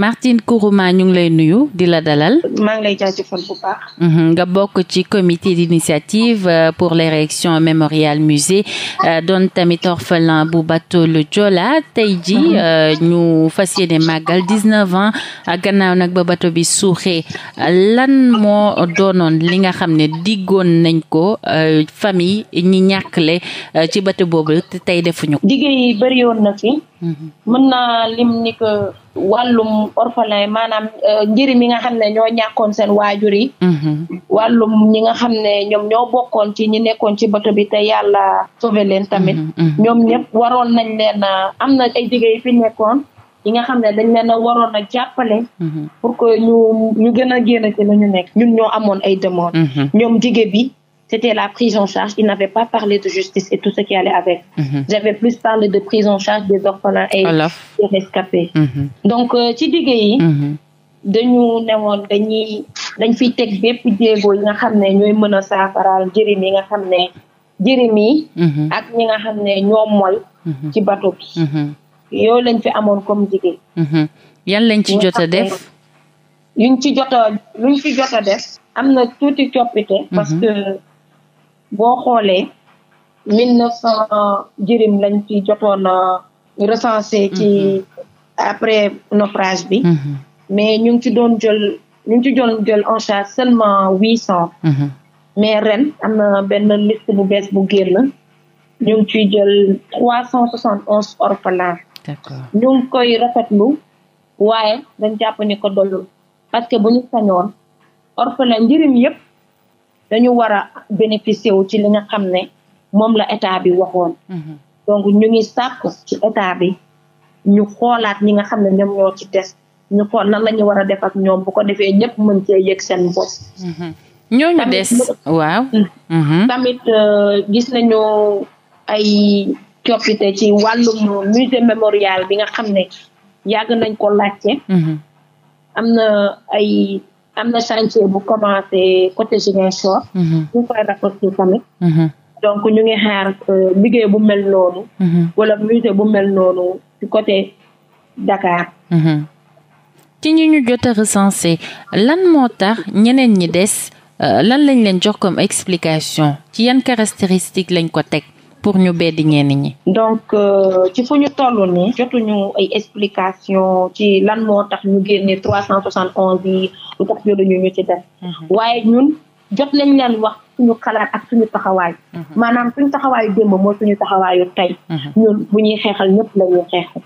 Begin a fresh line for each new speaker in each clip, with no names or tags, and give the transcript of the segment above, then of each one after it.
Martine Kourouma ñu ngi lay nuyu di la dalal.
maa ngi lay jaajëfal bu baax.
Mhm, nga bokk ci comité d'initiative euh, pour l'érection mémorial musée euh, doon tamit orphelin bu bateau le Joola tey ji mhm. euh, ñu fas yéene màggal dix-neuf ans ah, gannaaw nag ba bateau bi suuxee lan moo doonoon li nga xam ne diggoon nañ ko famille ñi ñàkkle ci bateau boobu
tey defuñu ko. liggéey bëri woon na fi. Mhm. mën naa lim ni ko wàllum orphelin maanaam euh, njëriñ yi nga xam ne ñoo ñàkkoon seen waajur yi. Mm-hmm. wàllum ñi nga xam ne ñoom ñoo bokkoon ci ñi nekkoon ci bato bi te yàlla sauvé leen tamit. Mm-hmm, mm-hmm. ñoom ñëpp waroon nañ leen am na ay jigéen yi fi nekkoon. yi nga xam ne dañ leen a waroon a jàppale. pour que ñu ñu gën a génn ci la ñu nekk. ñun ñoo amoon ay demande ñoom jigéen bi. c'était la prise en charge. Il n'avait pas parlé de justice
mhm.
de prise en charge des orphelins et mhm. Donc euh, ci digg yi. Mhm. dañu newoon woon dañuy dañ fi teg bépp jéego yi nga xam ne ñooy mën a saafaraal jërim yi nga xam ne jërim yi. ak ñi nga xam ne ñoo mool. ci bateau bi. yooyu lañ fi amoon comme jigéen. yan lañ ci jot a def. yuñ ci jot a ci jot def. am na tuuti coppite. parce que. boo xoolee mille neuf cent jërim lañ fi jotoon recensé mm-hmm. ci après naufrage bi mm-hmm. mais ñu ngi ci doon jël ñu ci doon jël en charge seulement huit cent mm-hmm. mais ren am na benn liste bu bees bu génn ñu ngi ciy jël trois cent soixante onze orphelins ñu ngi koy lu waaye dañ jàpp ni ko doyul parce que bu ñu sañoon orphelin njëriñ yëpp dañu war a bénéficier wu ci li nga xam ne moom la état bi waxoon. Mhm. donc ñu ngi sàkk ci état bi ñu xoolaat ñi nga xam ne ñoom ñoo ci test ñu xool nan la ñu war a def ak ñoom bu ko defee ñëpp mën cee yëg seen bopp. Mhm. ñooñu des waaw. Mm. Mhm. tamit euh, gis nañu ay coppite ci wàllum musée mémorial bi nga xam ne yàgg nañ ko laajte. am na ay am na chantier bu commencé côté Ziguinchor. Mhm. ñu ngi koy rafetlu tamit. Mhm. donc ñu ngi xaar euh, liggéey bu mel noonu. Mhm. wala musée bu mel noonu ci côté Dakar.
ci ñi ñu jot a lan moo tax ñeneen ñi des euh, lan lañ leen jox comme explication ci yan caractéristiques lañ ko teg. pour ñu beddi ñenn ñi.
donc euh, ci fu ñu toll nii. jotuñu ay explication ci lan moo tax ñu génne trois cent soixante onze yi lu tax ñu ñu ci def. Mhm. waaye ñun jot lañ leen wax suñu xalaat ak suñu taxawaay. Mhm. maanaam suñu taxawaayu démb mooy suñu taxawaayu tey. Mhm. ñun bu ñuy xeexal ñëpp la ñuy xeexal.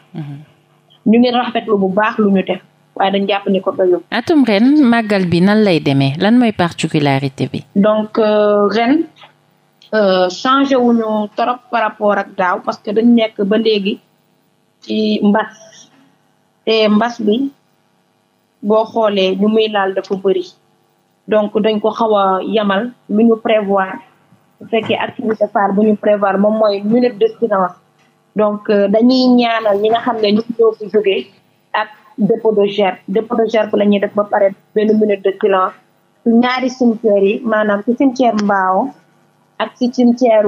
ñu ngi rafetlu bu baax lu ñu def.
waaye dañ jàpp ni ko doyul. atum ren màggal bi nan lay demee lan mooy particularité bi.
donc euh, ren Euh, changé wuñu trop par rapport ak daaw parce que dañ nekk ba léegi ci mbas te mbas bi boo xoolee ñu muy laal dafa bëri donc dañ ko xaw a yamal lu ñu prévoir bu fekkee activité phare bu ñu prévoir moom mooy minute de silence donc euh, dañuy ñaanal ñi nga xam ne ñu ñoo fi jógee ak dépôt de gerbe dépôt de gerbe la ñuy def ba pare benn minute de silence su ñaari cimetière yi maanaam ci cimetière mbaaw ak ci cimetière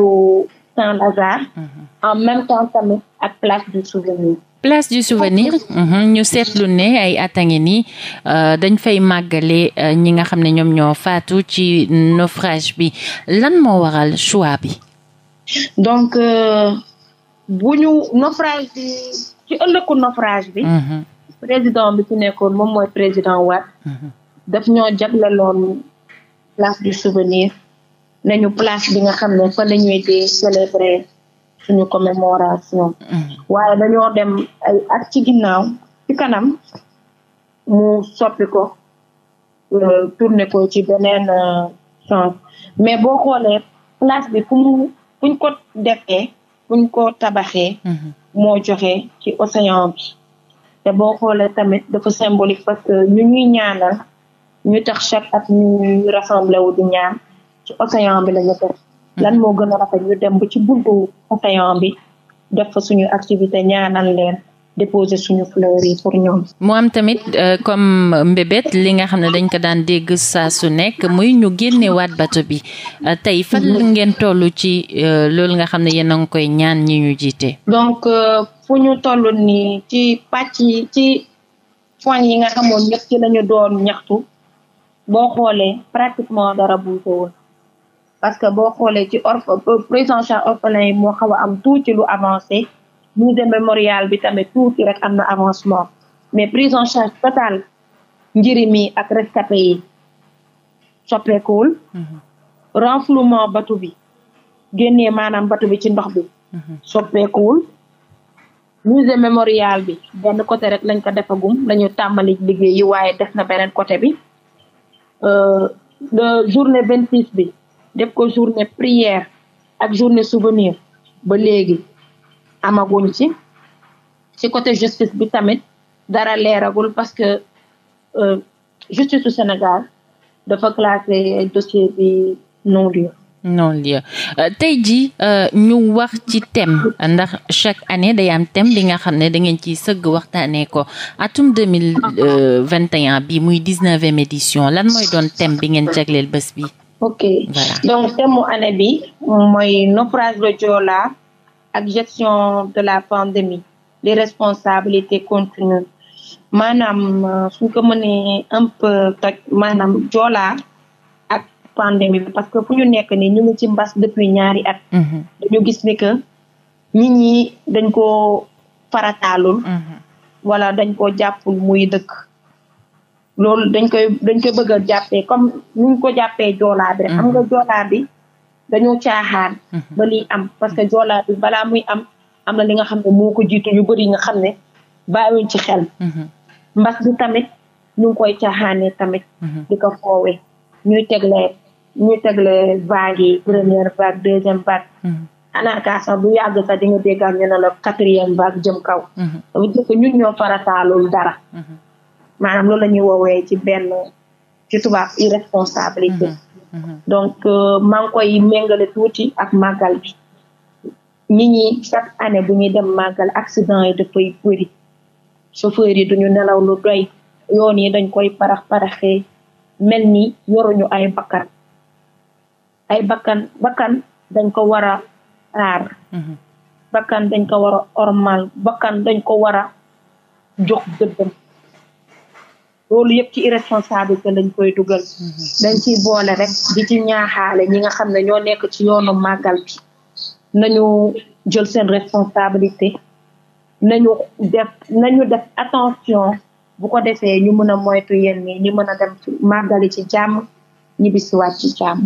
Saint-Lazare. Mm-hmm. en même temps tamit ak place du souvenir.
place du souvenir mm-hmm, ñu seetlu ne ay at a ngi nii euh, dañ fay màggale euh, ñi nga xam ne ñoom ñoo faatu ci naufrage bi lan moo waral
choix bi. donc euh, bu ñu naufrage bi ci ëllëgu naufrage bi. Mm-hmm. président bi fi nekkoon moom mooy président Wade. daf ñoo jagleloon place du souvenir. nañu place bi nga xam ne fa la ñuy di célébrer suñu commémoration mm. waaye dañoo dem ak ci ginnaaw ci kanam mu soppi ko euh, tourné ko ci beneen euh, sens mais boo xoolee place bi fu mu ko defee fuñ ko tabaxee mm-hmm. moo joxe ci océan bi te boo xoolee tamit dafa symbolique parce que ñu ñuy ñaanal ñu tax chaque at ñu rassemblé wu di ñaan ci océan bi la ñu def lan moo gën a rafet ñu dem ba ci buntu océan bi def suñu activité ñaanal leen déposer suñu fleurs yi pour ñoom. mu am tamit
euh, comme mbébét li nga xam ne dañ ko daan dégg saa su nekk muy ñu génne génnewaat bato bi euh, tey fan mm-hmm. ngeen toll ci euh, loolu nga xam ne yéen a ngi koy ñaan ñi ñu jiite.
donc fu ñu toll nii ci pàcc yi ci foñ yi nga xamoon ñëpp ci la ñu doon ñaxtu boo xoolee pratiquement dara buute parce que boo xoolee ci orph euh, prise en charge orphelin yi moo xaw a am ci lu avancé musée mémorial bi tamit tuuti rek am na avancement mais prise en charge totale njëriñ mi ak rescapé yi soppeekuwul. Mm-hmm. renflouement batu bi génnee maanaam batu bi ci ndox bi. Mm-hmm. soppeekuwul. musée mémorial bi benn côté rek lañ ko defagum lañu tàmbali liggéey yi waaye des na beneen côté bi. Euh, journée 26 bi. def ko journée prière ak journée souvenir ba léegi amaguñ ci ci côté justice bi tamit dara leeragul parce que euh, justice su Sénégal dafa classé dossier bi non lieu
euh, tey jii euh, ñu wax ci thème ndax chaque année day am thème bi nga xam ne da ngeen ci sëgg waxtaanee ko atum deux mille euh, vingt et un bi muy dix-neuvième édition lan mooy doon thème bi ngeen jagleel bés bi
ok donc thème mu année bi mooy naufrage de Joola ak gestion de la pandémie les responsabilités continues maanaam fu euh, ñu ko mënee un peu toj maanaam Joola ak pandémie bi parce que fu ñu nekk nii ñu ngi ci mbas depuis ñaari at. Mhm. dañu gis ni que nit ñi dañ koo farataalul. Mhm. wala dañ koo jàppul muy dëkk. loolu dañ koy dañ koy bëgg a jàppee comme nuñ ko jàppee joolaa bi rek mm-hmm. xam nga joolaa bi dañoo caaxaan mm-hmm. ba am parce que joolaa bi bala muy am am na li nga xam ne moo ko jiitu yu bëri nga xam ne bàyyiwuñ ci xel mm-hmm. mbas bi tamit ñu ngi koy caaxaanee tamit di ko foowe ñuy tegle ñuy tegle vague yi première vague deuxième vague anaaka sax bu yàgg sax di nga déggal ñu ne la quatrième vague jëm kaw ça veut ñoo farataalool dara maanaam loolu la ñuy woowee ci benn ci tubaab irresponsabilité mm-hmm. Mm-hmm. donc euh, maa ngi koy méngale tuuti ak màggal bi nit ñi chaque année bu ñuy dem màggal accident yi dafay bëri chauffeur yi duñu nelaw lu doy yoon yi dañ koy parax paraxee mel ni yoruñu ay bakkan ay bakkan bakkan dañ ko war a aar mm-hmm. bakkan dañ ko war a bakkan dañ ko war a jox loolu yëpp ci irresponsabilité lañ koy dugal mhm. dañ ciy boole rek di ci ñaaxaale ñi nga xam ne ñoo nekk ci yoonu màggal bi nañu jël seen responsabilité nañu def nañu def attention bu ko defee ñu mën a moytu yenn yi ñu mën a dem màggali ci jàmm ñibbisiwaat ci jàmm.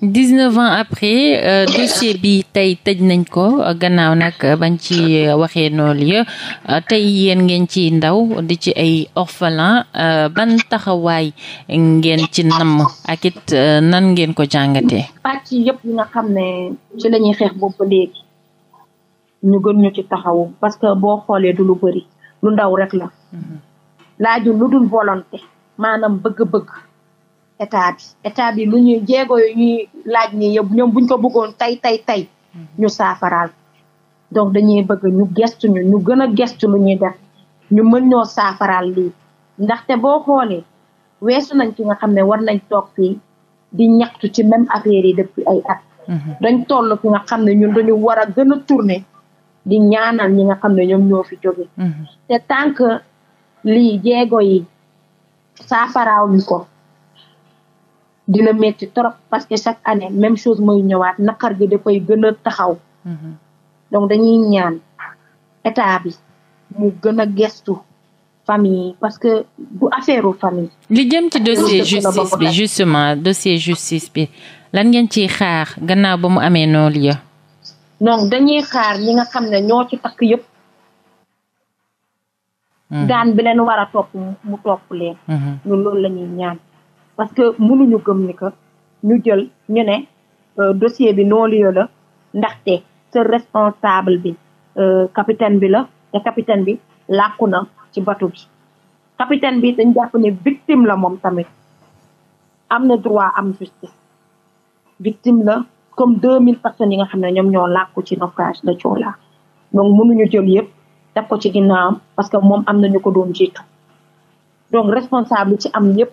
19 mhm. ans après euh, dossier bi tey tëj nañ ko gannaaw nag bañ ci euh, waxee noolu ya euh, tey yéen ngeen ci ndaw di ci ay orphelin ban taxawaay ngeen ci namm ak it nan ngeen ko jàngatee.
pàcc yëpp nga xam ne ci la xeex boobu ba léegi ñu gën ñu ci taxawu parce que boo xoolee du lu bëri lu ndaw rek la. Mhm. laaju lu dul volonté maanaam bëgg-bëgg. état bi état yi lu ñuy jéego yu ñuy laaj ni yëpp ñoom buñ ko bëggoon tey tey tey mm-hmm. ñu saafaraal donc dañuy bëgg ñu gestu ñu ñu gën a gestu lu ñuy def ñu mën ñoo saafaraal lii ndaxte boo xoolee weesu nañ ki nga xam ne war nañ toog fii di ñaxtu ci même affaire yi depuis at mm-hmm. dañ toll fi nga xam ne ñun dañu war a gën a tourner di ñaanal ñi nga xam ne ñoom ñoo fi jóge mm-hmm. te tant lii jéego yi saafaraaw ñu ko dina metti trop parce que chaque année même chose mooy ñëwaat naqar gi dafay gën a taxaw mm-hmm. donc dañuy ñaan état bi mu gën a gestu famille parce que bu affaire famille
li jëm ci dossier justice bi justement dossier justice bi lan ngeen ciy xaar gannaaw ba mu amee noonu ya
donc dañuy xaar ñi nga xam ne ñoo ci takk yëpp mm-hmm. daan bi leen war a topp mu topp leen mm-hmm. ñun loolu la ñaan parce que mënuñu gëm ni que ñu jël ñu ne euh, dossier bi non-lieu la ndaxte sa responsable bi euh, capitaine bi la capitaine bi làkku na ci batu bi capitaine bi dañ jàpp ne victime la moom tamit am na droit am justice victime la comme deux mille personnes yi nga xam ne ñoom ñoo làkku ci naufrage na Joola donc mënuñu jël yëpp def ko ci ginnaawam parce que moom am na ñu ko doon jiitu donc responsable ci am yëpp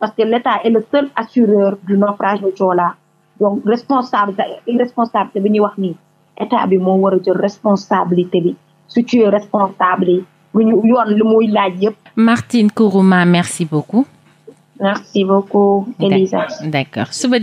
parce que l'État est le seul assureur du naufrage du Joola donc responsable irresponsabilité bi ñuy wax ni état bi moo war a jël responsabilité bi su ci responsable yi bu ñu yoon li muy laaj yëpp. Martine
Kourouma merci beaucoup.
merci beaucoup Elisa.
d'accord suba